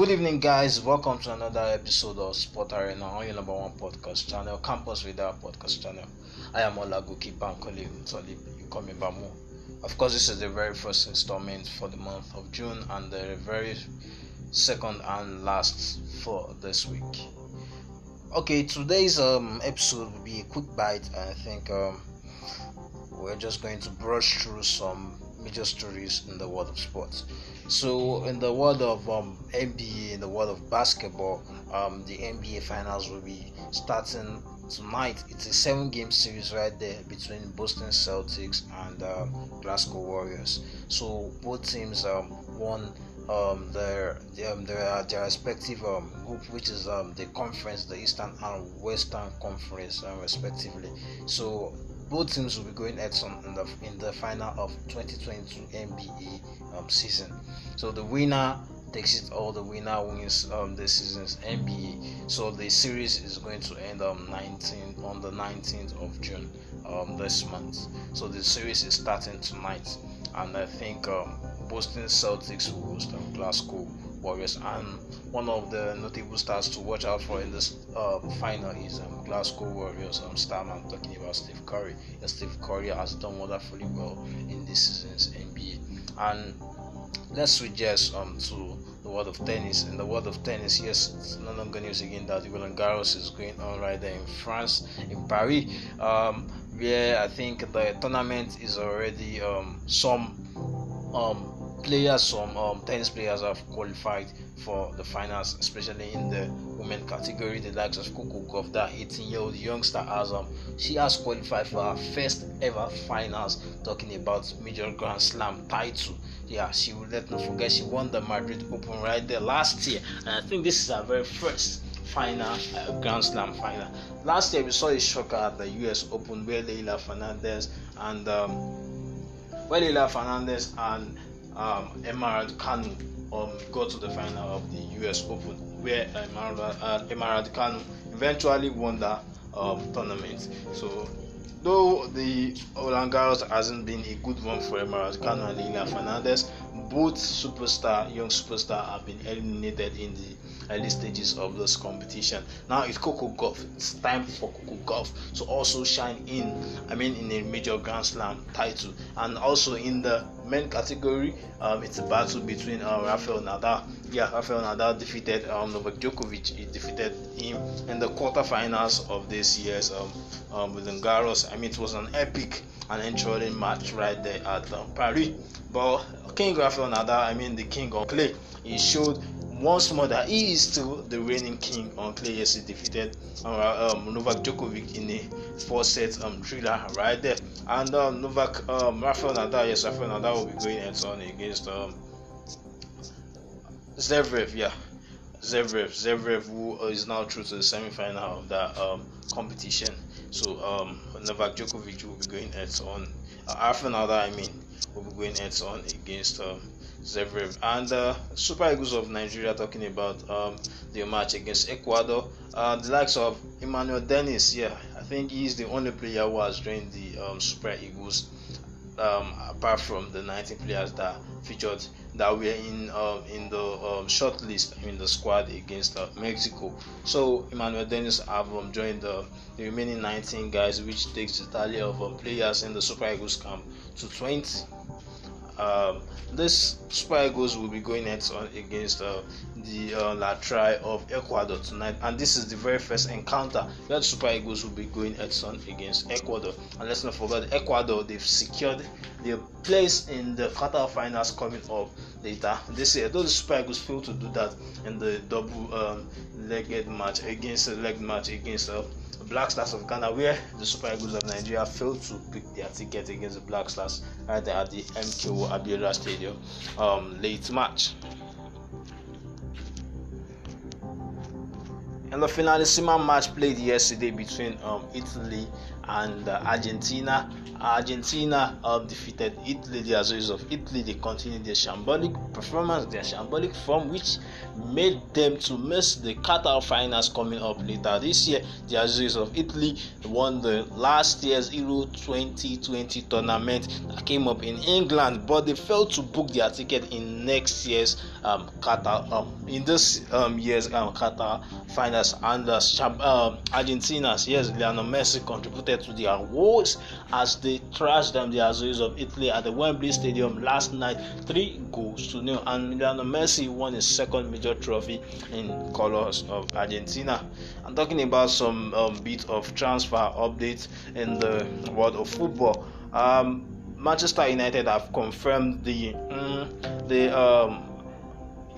Good evening, guys. Welcome to another episode of Sport Arena on your number one podcast channel, Campus Without Podcast Channel. I am Olaguki Bankole Utolib. You call me Bamu. Of course, this is the very first installment for the month of June and the very second and last for this week. Okay, today's um, episode will be a quick bite. I think um, we're just going to brush through some major stories in the world of sports. So, in the world of um, NBA, in the world of basketball, um, the NBA finals will be starting tonight. It's a seven game series right there between Boston Celtics and um, Glasgow Warriors. So, both teams um, won um, their um, their uh, their respective um, group, which is um, the conference, the Eastern and Western Conference, uh, respectively. So both teams will be going at some in the in the final of 2022 NBA um, season. So the winner takes it all. The winner wins um, the season's NBA. So the series is going to end on um, 19 on the 19th of June um, this month. So the series is starting tonight, and I think um, Boston Celtics will host um, Glasgow Warriors. And one of the notable stars to watch out for in this uh, final is um, Glasgow Warriors um, star. I'm talking about Steve Curry. And Steve Curry has done wonderfully well in this season's NBA. And let's switch gears um, to the world of tennis. In the world of tennis, yes, it's no longer news again that Roland Garros is going on right there in France, in Paris, um, where I think the tournament is already um, some um, players, some um, tennis players have qualified for the finals, especially in the women category. The likes of Coco Goff, that 18-year-old youngster, has um, she has qualified for her first ever finals. Talking about major Grand Slam title. Yeah, she will let not forget she won the Madrid Open right there last year, and I think this is her very first final, uh, Grand Slam final. Last year we saw a shocker at the U.S. Open where Leila Fernandez and um, where Leila Fernandez and um, Emerald Kanu um, to the final of the US Open, where Emerald, uh, Emerald Kanu eventually won that um, tournament. So though the Roland Garros hasn't been a good one for Emerald Kanu and Leila Fernandez, both superstar, young superstar, have been eliminated in the early stages of this competition. Now it's Coco Golf. It's time for Coco Golf to also shine in. I mean, in a major Grand Slam title and also in the men category, um, it's a battle between uh, Rafael Nadal. Yeah, Rafael Nadal defeated um, Novak Djokovic. He defeated him in the quarterfinals of this year's um, um, Roland I mean, it was an epic and enthralling match right there at um, Paris. But uh, King Rafael Nadal, I mean the king of clay, he showed once more that he is still the reigning king on clay. Yes, he defeated uh, um, Novak Djokovic in a four-set um, thriller right there. And um, Novak um, Rafael Nadal, yes, Rafael Nadal will be going head-on against um, Zverev. Yeah, Zverev, Zverev, who is now through to the semi-final of that um, competition. So um, Novak Djokovic will be going head-on. Uh, Rafael Nadal, I mean, will be going head-on against. Um, Zverev. And uh, Super Eagles of Nigeria talking about um, their match against Ecuador. Uh, the likes of Emmanuel Dennis, yeah, I think he's the only player who has joined the um, Super Eagles. Um, apart from the 19 players that featured that were in um, in the um, short list in the squad against uh, Mexico. So Emmanuel Dennis have um, joined the, uh, the, remaining 19 guys, which takes the tally of um, players in the Super Eagles camp to 20. Um, this Spy will be going at on against uh, the uh, La Tri of Ecuador tonight, and this is the very first encounter that Super Eagles will be going at Sun against Ecuador. And let's not forget, Ecuador they've secured their place in the quarterfinals coming up later this year. those Super Eagles failed to do that in the double um, legged match against the uh, leg match against uh, Black Stars of Ghana, where the Super Eagles of Nigeria failed to pick their ticket against the Black Stars right at the MKO Abiola Stadium um, late March. and the finalissima match played yesterday between um, Italy and uh, Argentina. Argentina uh, defeated Italy, the Azores of Italy. They continued their shambolic performance, their shambolic form, which made them to miss the Qatar finals coming up later this year. The Azores of Italy won the last year's Euro 2020 tournament that came up in England, but they failed to book their ticket in next year's um, Qatar, um, in this um, year's um, Qatar finals. And uh, um, Argentina's yes, Lionel Messi contributed to their woes as they thrashed them the Azores of Italy at the Wembley Stadium last night, three goals to nil. And Milano Messi won his second major trophy in colors of Argentina. I'm talking about some um, bit of transfer updates in the world of football. Um, Manchester United have confirmed the mm, the um,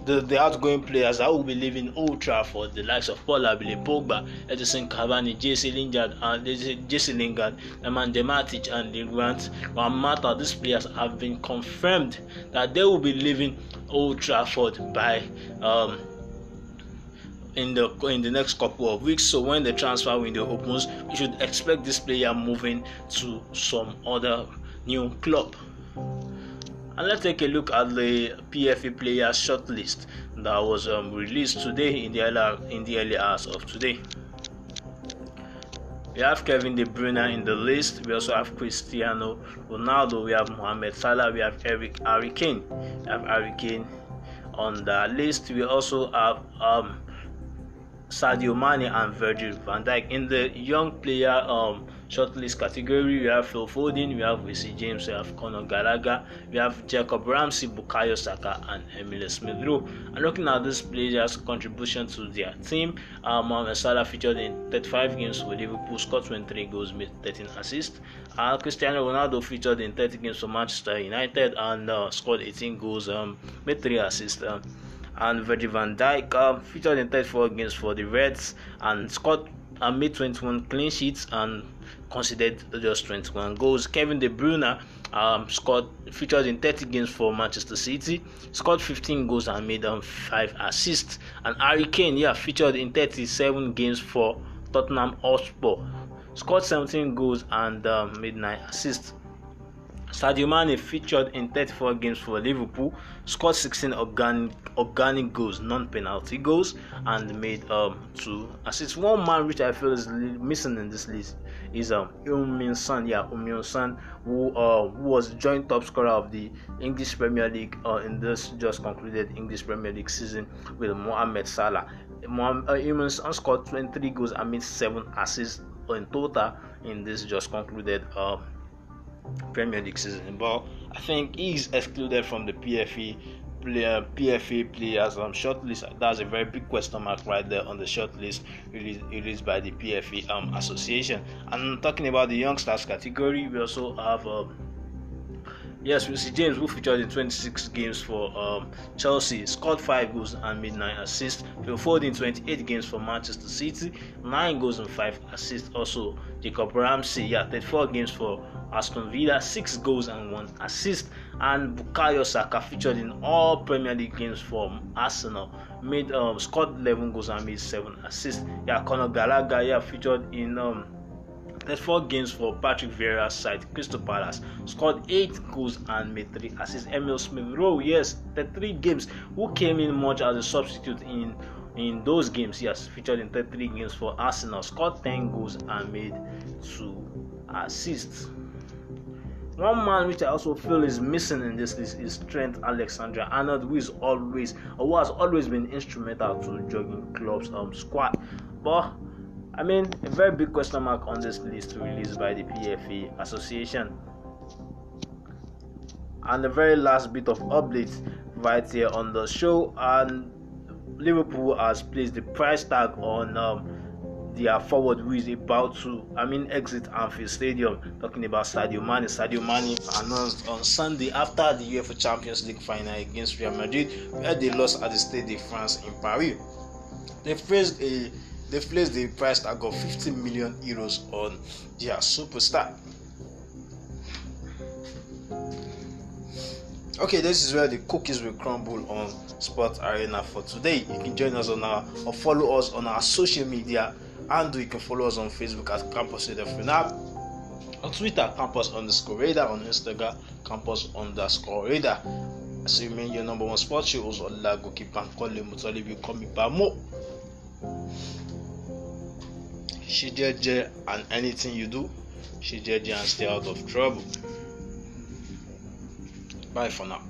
the, the outgoing players that will be leaving Old Trafford, the likes of Paul Abile, Pogba, Edison Cavani, Jesse Lingard, and uh, Jesse Lingard, Eman Dematic, and Grant Ramata. These players have been confirmed that they will be leaving Old Trafford by. Um, in the in the next couple of weeks. So when the transfer window opens, we should expect this player moving to some other new club. And let's take a look at the PFA player shortlist that was um, released today in the early, in the early hours of today. We have Kevin De Bruyne in the list. We also have Cristiano Ronaldo. We have Mohamed Salah. We have Eric Harry Kane. We have Harry Kane on the list. We also have um, Sadio Mane and Virgil van Dijk. In the young player um, shortlist category, we have Phil Foden, we have Wesley James, we have Conor Gallagher, we have Jacob Ramsey, Bukayo Saka, and Emile Smith Rowe. And looking at these players' contribution to their team, um, Mohamed Salah featured in 35 games for Liverpool, scored 23 goals, made 13 assists. Uh, Cristiano Ronaldo featured in 30 games for Manchester United and uh, scored 18 goals, um, made 3 assists. Um, and Virgil van Dijk uh, featured in 34 games for the Reds and scored and made 21 clean sheets and conceded just 21 goals. Kevin De Bruyne um, scored featured in 30 games for Manchester City, scored 15 goals and made um, five assists. And Harry Kane, yeah, featured in 37 games for Tottenham Hotspur, scored 17 goals and um, made nine assists. Sadio Mane featured in 34 games for Liverpool, scored 16 organic, organic goals, non-penalty goals, and made um, two assists. One man which I feel is missing in this list is um San, yeah, Umin San, who uh, who was joint top scorer of the English Premier League uh, in this just concluded English Premier League season with Mohamed Salah. Umin uh, San scored 23 goals and made seven assists in total in this just concluded. Uh, Premier League season. But I think he's excluded from the PFA player, PFA players um, shortlist. That's a very big question mark right there on the shortlist released, released by the PFA um, Association. And talking about the youngsters category, we also have. Um, Yes, we see James, who featured in 26 games for um, Chelsea, scored 5 goals and made 9 assists. Phil Foden in 28 games for Manchester City, 9 goals and 5 assists. Also, Jacob Ramsey, yeah, 34 games for Aston Villa, 6 goals and 1 assist, and Bukayo Saka featured in all Premier League games for Arsenal, made um, scored 11 goals and made 7 assists. Yeah, Conor Gallagher yeah, featured in um, played four games for Patrick Vieira's side, Crystal Palace, scored eight goals and made three assists. Emil Smith Rowe, yes, the three games, who came in much as a substitute in in those games, yes, featured in 33 games for Arsenal, scored 10 goals and made two assists. One man which I also feel is missing in this list is Trent Alexander Arnold, who is always or who has always been instrumental to jogging club's um, squad. But I mean, a very big question mark on this list released by the PFA Association. And the very last bit of updates right here on the show, and Liverpool has placed the price tag on um, their forward who is about to, I mean, exit Anfield Stadium. Talking about Sadio Mane. Sadio Mane announced on Sunday after the UEFA Champions League final against Real Madrid, where they lost at the Stade de France in Paris. They faced a they placed the price tag of 50 million euros on their superstar. Okay, this is where the cookies will crumble on Sport Arena for today. You can join us on our or follow us on our social media handle. You can follow us on Facebook at Campus Radar on Twitter, campus underscore radar, on Instagram, campus underscore radar. So you mean your number one sports show is on Lago Kipankole Mutolibi Komi Bamo. She did and anything you do, she did and stay out of trouble. Bye for now.